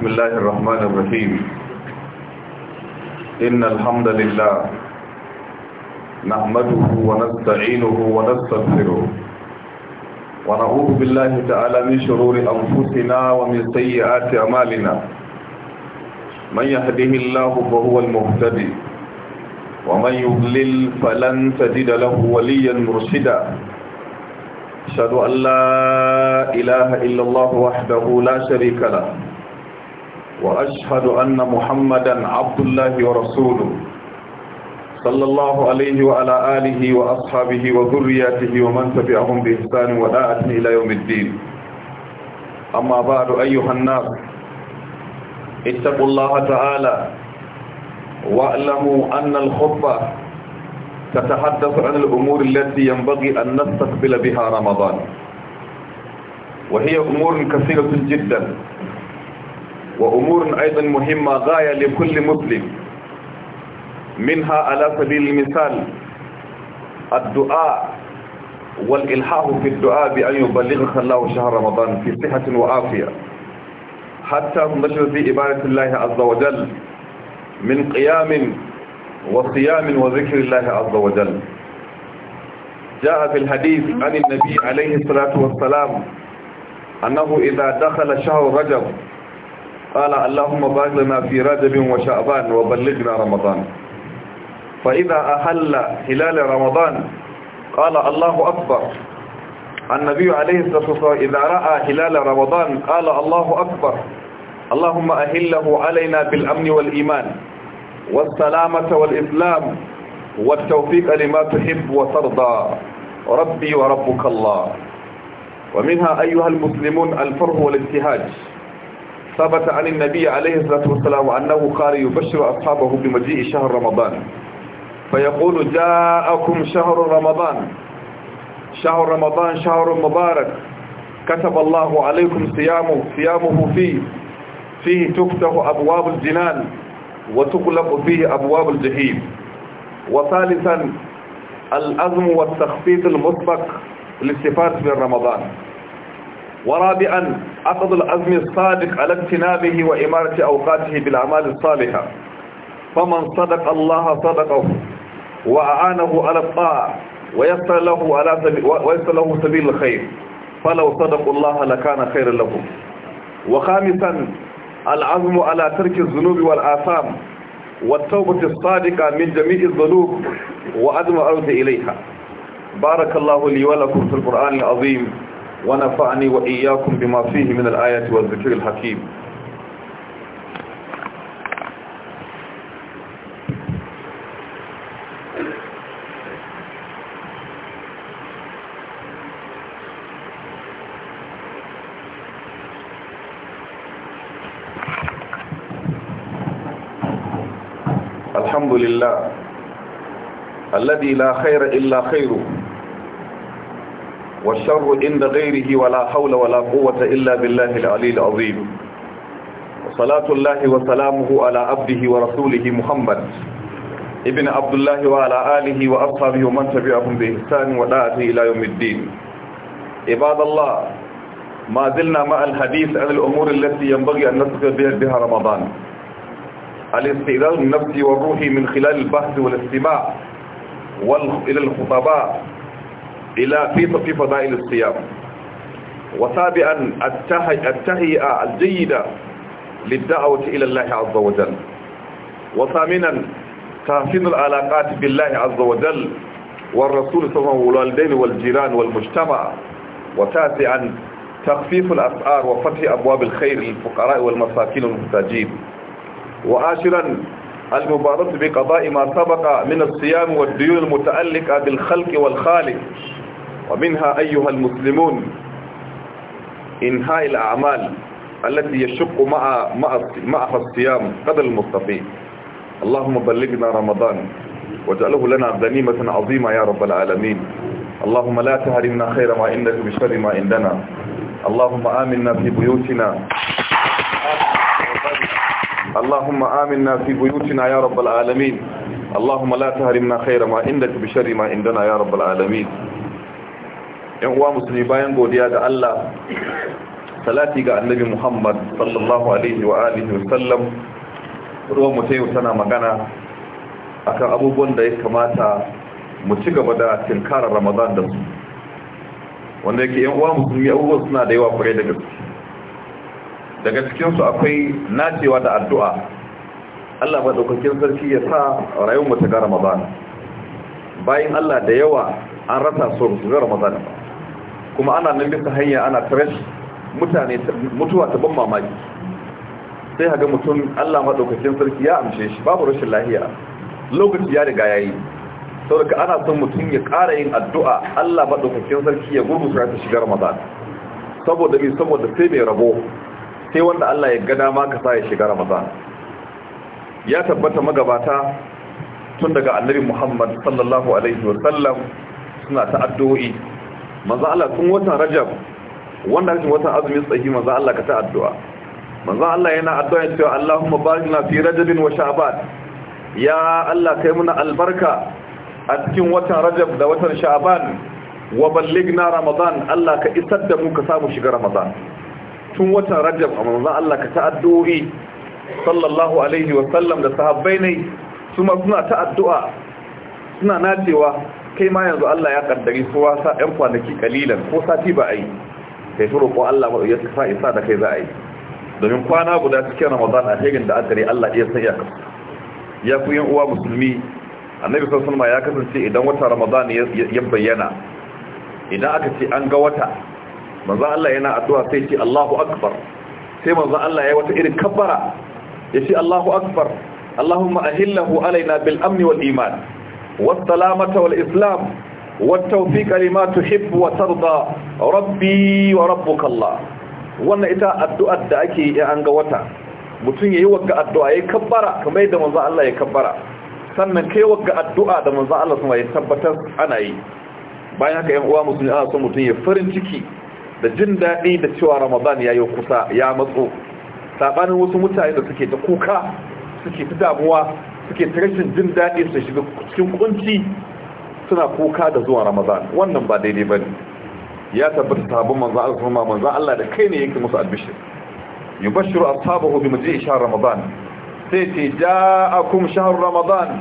بسم الله الرحمن الرحيم إن الحمد لله نحمده ونستعينه ونستغفره ونعوذ بالله تعالى من شرور أنفسنا ومن سيئات أعمالنا من يهده الله فهو المهتدي ومن يضلل فلن تجد له وليا مرشدا أشهد أن لا إله إلا الله وحده لا شريك له وأشهد أن محمدا عبد الله ورسوله صلى الله عليه وعلى آله وأصحابه وذرياته ومن تبعهم بإحسان وداعة إلى يوم الدين أما بعد أيها الناس اتقوا الله تعالى واعلموا أن الخطبة تتحدث عن الأمور التي ينبغي أن نستقبل بها رمضان وهي أمور كثيرة جدا وأمور أيضا مهمة غاية لكل مسلم منها على سبيل المثال الدعاء والإلحاح في الدعاء بأن يبلغك الله شهر رمضان في صحة وعافية حتى تنتشر في عبادة الله عز وجل من قيام وصيام وذكر الله عز وجل جاء في الحديث عن النبي عليه الصلاة والسلام أنه إذا دخل شهر رجب قال اللهم بارك لنا في رجب وشعبان وبلغنا رمضان فإذا أحل هلال رمضان قال الله أكبر النبي عليه الصلاة والسلام إذا رأى هلال رمضان قال الله أكبر اللهم أهله علينا بالأمن والإيمان والسلامة والإسلام والتوفيق لما تحب وترضى ربي وربك الله ومنها أيها المسلمون الفرح والابتهاج ثبت عن النبي عليه الصلاة والسلام أنه قال يبشر أصحابه بمجيء شهر رمضان فيقول جاءكم شهر رمضان شهر رمضان شهر مبارك كتب الله عليكم صيامه صيامه فيه فيه تفتح أبواب الجنان وتغلق فيه أبواب الجحيم وثالثا الأزم والتخفيض المسبق للصفات في رمضان ورابعا أخذ العزم الصادق على اجتنابه وإمارة أوقاته بالأعمال الصالحة فمن صدق الله صدقه وأعانه على الطاعة ويسر له, على سبيل ويسر له سبيل الخير فلو صدقوا الله لكان خيرا لهم وخامسا العزم على ترك الذنوب والآثام والتوبة الصادقة من جميع الذنوب وعدم العودة إليها بارك الله لي ولكم في القرآن العظيم ونفعني وإياكم بما فيه من الآية والذكر الحكيم الحمد لله الذي لا خير إلا خيره والشر عند غيره ولا حول ولا قوة إلا بالله العلي العظيم وصلاة الله وسلامه على عبده ورسوله محمد ابن عبد الله وعلى آله وأصحابه ومن تبعهم بإحسان ودعته إلى يوم الدين عباد الله ما زلنا مع الحديث عن الأمور التي ينبغي أن نستغل بها, بها رمضان الاستئذان النفسي والروحي من خلال البحث والاستماع وال... إلى الخطباء إلى في في فضائل الصيام وسابعا التهيئة الجيدة للدعوة إلى الله عز وجل وثامنا تحسين العلاقات بالله عز وجل والرسول صلى الله عليه وسلم والوالدين والجيران والمجتمع وتاسعا تخفيف الأسعار وفتح أبواب الخير للفقراء والمساكين والمحتاجين وعاشرا المباراه بقضاء ما سبق من الصيام والديون المتعلقه بالخلق والخالق ومنها أيها المسلمون إنهاء الأعمال التي يشق مع معها الصيام قدر المستطيع اللهم بلغنا رمضان واجعله لنا غنيمة عظيمة يا رب العالمين اللهم لا تهرمنا خير ما عندك بشر ما عندنا اللهم آمنا في بيوتنا اللهم آمنا في بيوتنا يا رب العالمين اللهم لا تهرمنا خير ما عندك بشر ما عندنا يا رب العالمين yan uwa musulmi bayan godiya da Allah salati ga annabi Muhammad sallallahu alaihi wa alihi wasallam ruwan mu tana magana akan abubuwan da ya kamata mu ci gaba da tinkara Ramadan da su wanda yake yan uwa musulmi abubuwan suna da yawa kure da gaske daga cikin su akwai nacewa da addu'a Allah madaukakin sarki ya sa rayuwar mu ta ga Ramadan bayan Allah da yawa an rasa so su ga Ramadan ba kuma ana nan bisa hanya ana trash mutane mutuwa ta ban mamaki sai ga mutum Allah madaukakin sarki ya amshe shi babu rashin lahiya lokaci ya riga yayi saboda ana son mutum ya ƙara yin addu'a Allah madaukakin sarki ya gurgusa ta shiga Ramadan saboda bi saboda sai mai rabo sai wanda Allah ya ga dama ka sa ya shiga Ramadan ya tabbata magabata tun daga annabi Muhammad sallallahu alaihi wa sallam suna ta addu'o'i manzo Allah tun watan Rajab wanda cikin watan azumi tsahi manzo Allah ka ta addu'a manzo Allah yana addu'a cewa Allahumma barikna fi Rajabin wa Sha'ban ya Allah kai muna albarka a cikin watan Rajab da watan Sha'ban wa balligna Ramadan Allah ka isar da mu ka samu shiga Ramadan tun watan Rajab manzo Allah ka ta sallallahu alaihi wa sallam da sahabbai ne su suna ta addu'a suna nacewa kai ma yanzu Allah ya kaddari kowa sa ɗan kwanaki kalilan ko sati ba a yi kai fi ko Allah ya sa isa da kai za a yi domin kwana guda cikin ramadan a shirin da adare Allah iya san iyakar ya fi yin uwa musulmi annabi sallallahu alaihi ya kasance idan wata ramadan ya bayyana idan aka ce an ga wata manzo Allah yana addu'a sai ce Allahu akbar sai manzo Allah ya wata irin kabbara ya ce Allahu akbar Allahumma ahillahu alaina bil amni wal iman والسلامة والإسلام والتوفيق لما تحب وترضى ربي وربك الله wannan ita addu'ar da ake yi an ga wata mutum yayi wagga addu'a yayi kabbara kamar yadda manzo Allah ya kabbara sannan kai wagga addu'a da manzo Allah kuma ya tabbatar ana yi bayan haka 'yan uwa musulmi ana son mutum ya farin ciki da jin daɗi da cewa Ramadan ya yi kusa ya matso sabanin wasu mutane da suke ta kuka suke ta damuwa suke tarashin jin daɗi su shiga cikin kunci suna kuka da zuwa ramadan wannan ba daidai ba ne ya tabbata sabon manzan Allah kuma manzan Allah da kai ne yake musu albishir yubashiru ashabahu bi maji'i shahr ramadan sai ce kuma shahar ramadan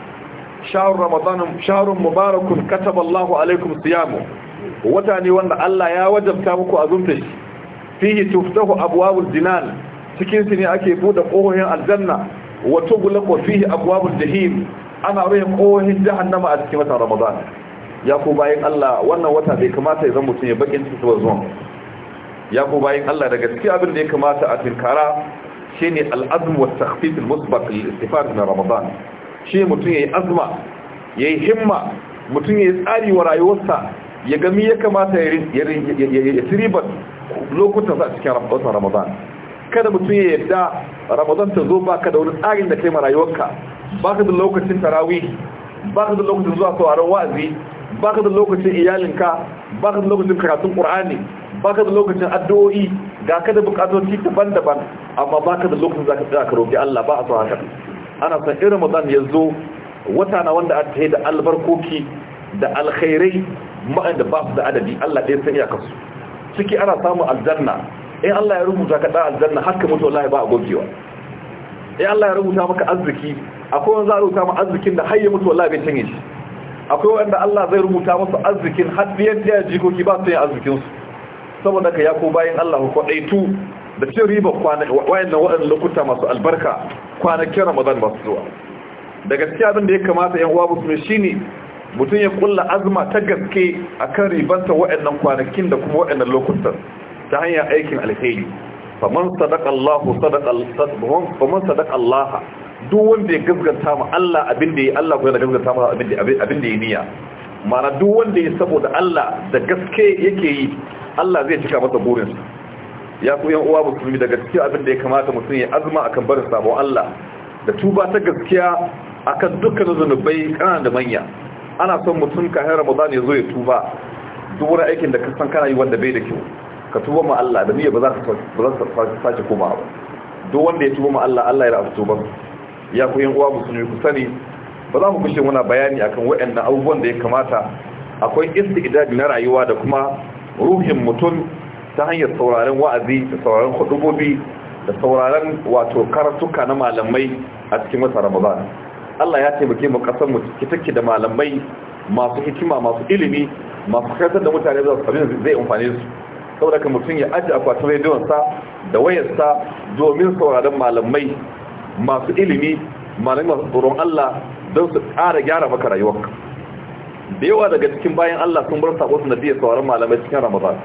shahar ramadan shahrun mubarakun kataba Allahu alaikum siyamu wata ne wanda Allah ya wajabta muku a azumta shi fihi tuftahu abwabul jinan cikin shi ne ake buɗe kohoyin aljanna wa tughlaqu fihi abwabul jahim ana rufe kohin jahannama a cikin watan ramadan ya ku bayin Allah wannan wata bai kamata ya zama mutum ya bakin cikin zuwa zuwa ya ku bayin Allah daga cikin abin da ya kamata a tinkara shine al-azm wa takhfif al-musbaq lil-istifad min ramadan shi mutum yayi azma yayi himma mutum yayi tsari wa rayuwarsa ya ga me ya kamata ya ya ya lokutan sa cikin watan ramadan kada mutum ya yadda ramadan ta zo ba ka da wani tsarin da kai marayuwarka ka da lokacin ba ka da lokacin zuwa sauraron wa'azi ba ka da lokacin iyalinka ka da lokacin karatun ƙur'ani ba ka da lokacin addu'o'i ga ka da bukatoci daban-daban amma ba ka da lokacin za zaka tsaya ka roƙi Allah ba a so haka ana san irin ramadan ya zo wata na wanda aka yi da albarkoki da alkhairai ma'anda ba su da adadi Allah ɗaya san iyakarsu ciki ana samun aljanna in Allah ya rubuta ka da aljanna haka mutu wallahi ba a gogewa ya eh, Allah ya rubuta maka arziki akwai wanda za a rubuta maka arzikin da har mutu wallahi bai canye shi akwai wanda Allah zai rubuta masu arzikin har biyan da jikoki ba su yi arzikin su saboda ka ya ko bayan Allah ko tu da cin riba nan wadannan lokuta masu albarka kwanakin Ramadan su zuwa da gaskiya abin da ya kamata yan uwa musulmi shine mutum ya kulla azma ta gaske akan ribanta waɗannan kwanakin da kuma waɗannan lokutan ta hanyar aikin alheri faman sadaka Allah sadaka faman sadaka Allah duk wanda ya gaskata ma Allah abin da ya Allah ko ya gaskata ma abin da abin da ya niyya mana duk wanda ya saboda Allah da gaske yake yi Allah zai cika masa burin ya ku yan uwa musulmi daga cikin abin da ya kamata mutum ya azuma akan barin sabon Allah da tuba ta gaskiya akan dukkan zanubai kana da manya ana son mutum kafin Ramadan ya zo ya tuba duk wani aikin da ka san kana yi wanda bai da kyau ka tuba ma Allah da niyya ba za ka ba za ka sace koma ba duk wanda ya tuba ma Allah Allah ya rabu tuban ya ku yin uwa musulmi ku sani ba za mu kushe muna bayani akan waɗannan abubuwan da ya kamata akwai istidadi na rayuwa da kuma ruhin mutum ta hanyar sauraron wa'azi da sauraron hudubobi da sauraron wato karatuka na malamai a cikin watan Ramadan Allah ya taimake mu kasar mu take da malamai masu hikima masu ilimi masu kaitar da mutane da su zai amfane su saboda ka mutum ya aji akwatin sa da wayarsa domin sauraron malamai masu ilimi malamai masu tsoron Allah don su ƙara gyara maka rayuwa. da yawa daga cikin bayan Allah sun bar sabo sanadiyar sauraron malamai cikin Ramadan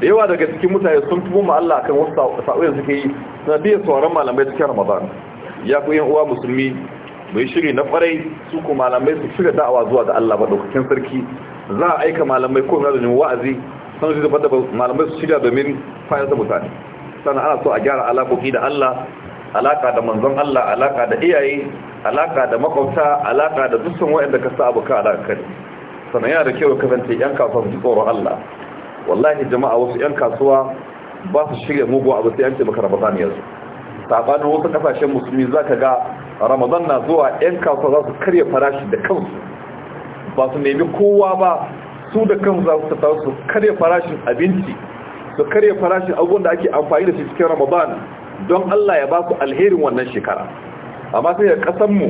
da yawa daga cikin mutane sun tubu ma Allah kan wasu sa'o'in suke yi sanadiyar sauraron malamai cikin Ramadan ya ku yan uwa musulmi mai shiri na kwarai su ku malamai su shiga da'awa zuwa ga Allah ba daukakin sarki za a aika malamai ko na da wa'azi sanarci daban-daban malamai su shirya domin fayar da mutane sannan ana so a gyara alakoki da allah alaka da manzon allah alaka da iyaye alaka da makwabta alaka da dukkan waɗanda ka sa ka alaƙa kari, sannan yana da kyau kasance 'yan kasuwa su tsoro allah wallahi jama'a wasu 'yan kasuwa ba su shirya mugu abu sai yanke maka ramadan yanzu sabanin wasu kasashen musulmi za ka ga ramadan na zuwa 'yan kasuwa za su karya farashi da kansu ba su nemi kowa ba su da kan za su tattaru su karya farashin abinci su karya farashin abubuwan da ake amfani da shi cikin ramadan don Allah ya ba su alherin wannan shekara amma sai da kasanmu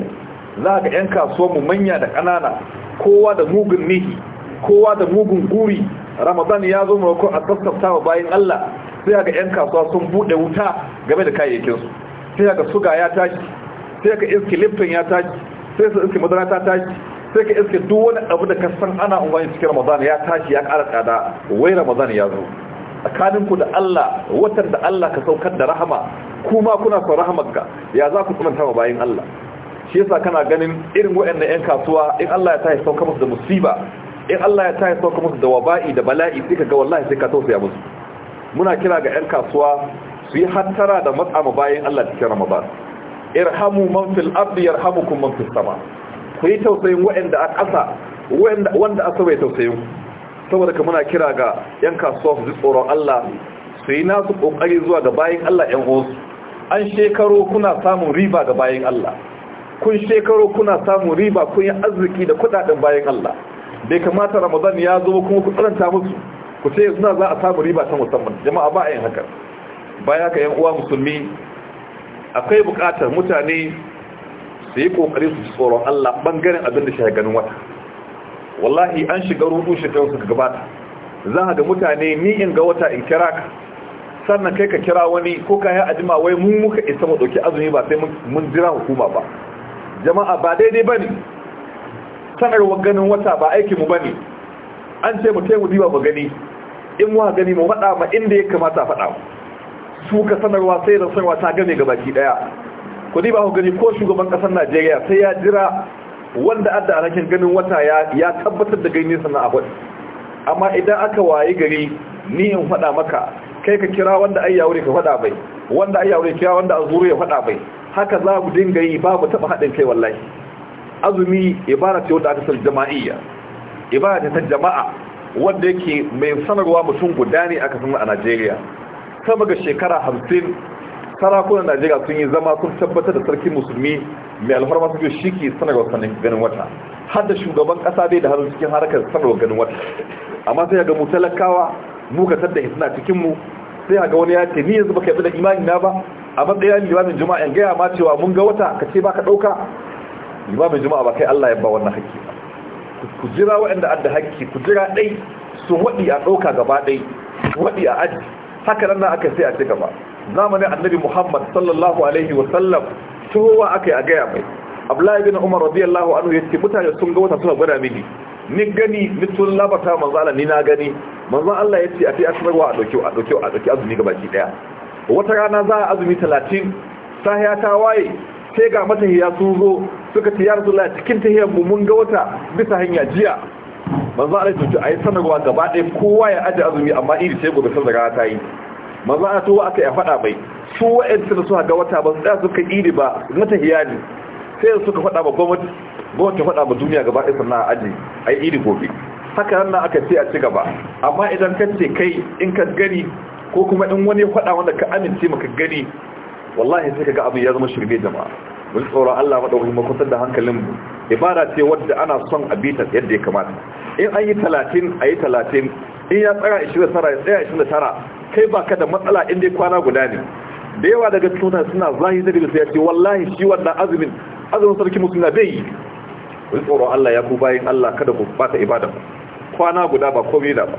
za ga 'yan kasuwanmu manya da ƙanana kowa da mugun nihi kowa da mugun guri ramadan ya zo maimakon a sassafta wa bayan Allah sai ga 'yan kasuwa sun buɗe wuta game da kayayyakinsu sai ga suga ya tashi sai ga iski lifton ya tashi sai su iski madara ta tashi sai ka iske duk wani abu da ka san ana umarni cikin ramadan ya tashi ya ƙara tsada wai ramadan ya zo tsakaninku da Allah watan da Allah ka saukar da rahama kuma kuna son rahamarka ya za ku tsamanta ma bayin Allah shi yasa kana ganin irin waɗannan 'yan kasuwa in Allah ya tashi sauka musu da musiba in Allah ya tashi sauka musu da waba'i da bala'i sai ka ga wallahi sai ka tausaya musu muna kira ga 'yan kasuwa su yi hattara da matsa ma bayin Allah cikin Ramadan irhamu man fil ardi yarhamukum man fis sama ku yi tausayin waɗanda a ƙasa wanda aka bai tausayin saboda ka muna kira ga 'yan kasuwa su ji tsoron Allah su yi nasu ƙoƙari zuwa ga bayan Allah 'yan wasu an shekaro kuna samun riba ga bayan Allah kun shekaro kuna samun riba kun yi arziki da kuɗaɗen bayan Allah bai kamata ramadan ya zo kuma ku tsananta musu ku ce suna za a samu riba ta musamman jama'a ba a yin haka baya ka yan uwa musulmi akwai bukatar mutane su yi kokari su tsoron Allah bangaren abin da shi ganin wata wallahi an shiga rudu shekaru suka gabata za a ga mutane ni in ga wata in kira ka sannan kai ka kira wani ko ka yi ajima wai mun muka isa mu dauki azumi ba sai mun jira hukuma ba jama'a ba daidai ne. sanarwar ganin wata ba aikin mu ne. an ce mu kai mu diba mu gani in mu gani mu faɗa ma inda ya kamata faɗa su ka sanarwa sai da sanarwa ta game baki ɗaya. ku ba ku gani ko shugaban kasar najeriya sai ya jira wanda adda alhakin ganin wata ya tabbatar da gani sannan a amma idan aka wayi gari ni in faɗa maka kai ka kira wanda ai yawure ka faɗa bai wanda ai yawure kira wanda azuru ya faɗa bai haka za mu dinga yi babu taba haɗin kai wallahi azumi ibara ce wadda aka san jama'iyya ibara ta jama'a wanda yake mai sanarwa mutum guda ne aka san a Najeriya sama ga shekara hamsin sarakunan najeriya sun yi zama sun tabbatar da sarki musulmi mai alfarma sun shi ke sanarwar sanin ganin wata har da shugaban kasa bai da hannun cikin harkar sanarwar ganin wata amma sai ga mu talakawa mu ka tadda suna cikin mu sai ga wani ya ce ni yanzu baka yi da imani na ba a matsayin limamin juma'a in gaya ma cewa mun ga wata ka ce baka dauka limamin juma'a ba kai Allah ya ba wannan hakki ku jira waɗanda adda hakki ku jira dai su waɗi a dauka gaba dai waɗi a aji haka nan aka sai a ci gaba zamanin annabi muhammad sallallahu alaihi wasallam tuwa aka yi a gaya mai abdullahi bin umar radiyallahu anhu ya ce mutane sun ga wata suna gwada mini ni gani ni tun labata manzo Allah ni na gani manzo Allah ya ce a fi a dauki a dauki a azumi gaba ki daya wata rana za a azumi 30 sahiya ta waye sai ga hiya sun zo suka ce ya rasulullahi cikin tahiyar mu mun ga wata bisa hanya jiya manzo Allah ya a ai sanarwa gaba ɗaya kowa ya aje azumi amma iri sai gobe sanarwa ta yi manzo Allah to aka ya faɗa mai su wa'anda suka ga wata ba su tsaya suka iri ba mata hiyani sai suka faɗa ba gwamnati gwamnati faɗa ba duniya gaba ɗaya sannan aje ai iri gobe haka nan aka ce a ci gaba amma idan ka ce kai in ka gani ko kuma in wani faɗa wanda ka amince maka gani wallahi sai ka ga abin ya zama shirme jama'a mun tsoron Allah madaukakin makusan da hankalin mu ibada ce wadda ana son a bita yadda ya kamata in an yi talatin a yi talatin in ya tsara 29 ya tsaya tara, kai ba ka da matsala inda kwana guda ne da yawa daga tuna suna zahiri da sai ya ce wallahi shi wanda azumin azumin sarki musulma bai yi wani tsoron Allah ya ku bayan Allah kada ku bata ibada kwana guda ba komai da ba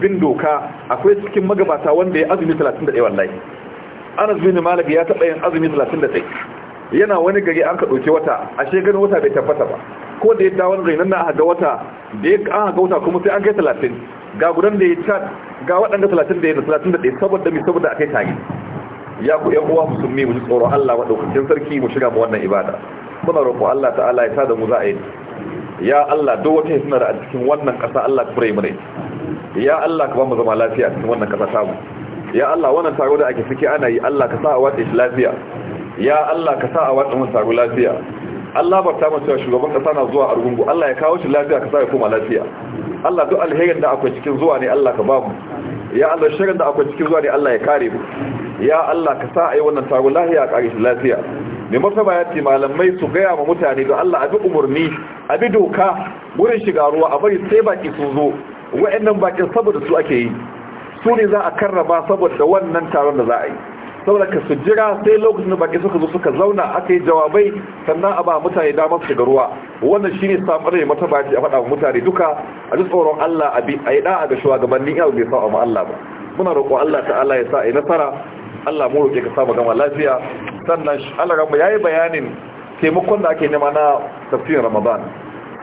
bin doka akwai cikin magabata wanda ya azumi 31 wallahi Anas bin Malik ya taɓa yin azumi 31 yana wani gari an ka ɗauki wata ashe gani wata bai tabbata ba ko da ya wani rainan na ga wata da ya an ga wata kuma sai an kai talatin ga gudan da ya chat ga waɗanda talatin da ya talatin da ɗaya saboda mai saboda yi tagi ya ku yan uwa musulmi mu ji tsoron Allah madaukakin sarki mu shiga mu wannan ibada muna roƙo Allah ta'ala ya da mu za a yi ya Allah duk wata suna da a cikin wannan ƙasa Allah ka fure mana ya Allah ka ba mu zama lafiya cikin wannan ƙasa mu ya Allah wannan taro da ake ciki ana yi Allah ka sa a watsa shi lafiya ya Allah ka sa a watsa mu taro lafiya ba ta mace shugaban kasa na zuwa argungu Allah ya kawo shi lafiya ka ya koma lafiya Allah duk alherin da akwai cikin zuwa ne Allah ka ba mu ya Allah shirin da akwai cikin zuwa ne Allah ya kare mu ya Allah ka sa ai wannan tago lafiya a kare shi lafiya ne ba ya ce malamai su gaya ma mutane da Allah a abi umurni bi doka wurin shiga ruwa a bari sai baki su zo wa'annan bakin saboda su ake yi su ne za a karraba saboda wannan taron da za a yi saboda ka su jira sai lokacin da baki suka zo suka zauna aka yi jawabai sannan a ba mutane damar shiga ruwa wannan shine samar ne mata a faɗa mutane duka a ji tsoron Allah a bi a yi da'a ga shugabannin yau bai sa ma Allah ba muna roƙo Allah ta'ala ya sa a yi nasara Allah mu roƙe ka sa gama lafiya sannan Allah ya yi bayanin taimakon da ake nema na tafiyar Ramadan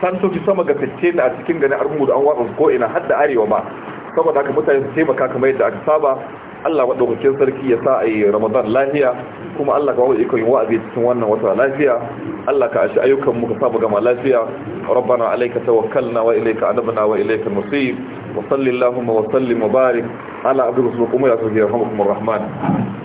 san soki sama ga fice da a cikin ganin armu da an watsa ko ina har da arewa ba. saboda haka mutane su taimaka kamar yadda aka saba Allah madaukakin sarki ya sa a yi Ramadan lafiya kuma Allah ka wa iko yin wa'azi cikin wannan wata lafiya Allah ka ashi ayyukan mu ka samu gama lafiya rabbana alayka tawakkalna wa ilayka anabna wa ilayka al-musib wa salli allahumma wa sallim wa barik ala abdika wa qum ya rahmukumur rahman